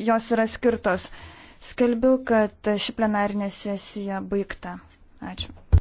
jos yra skirtos. Skelbiu, kad ši plenarinė sesija baigta. Ačiū.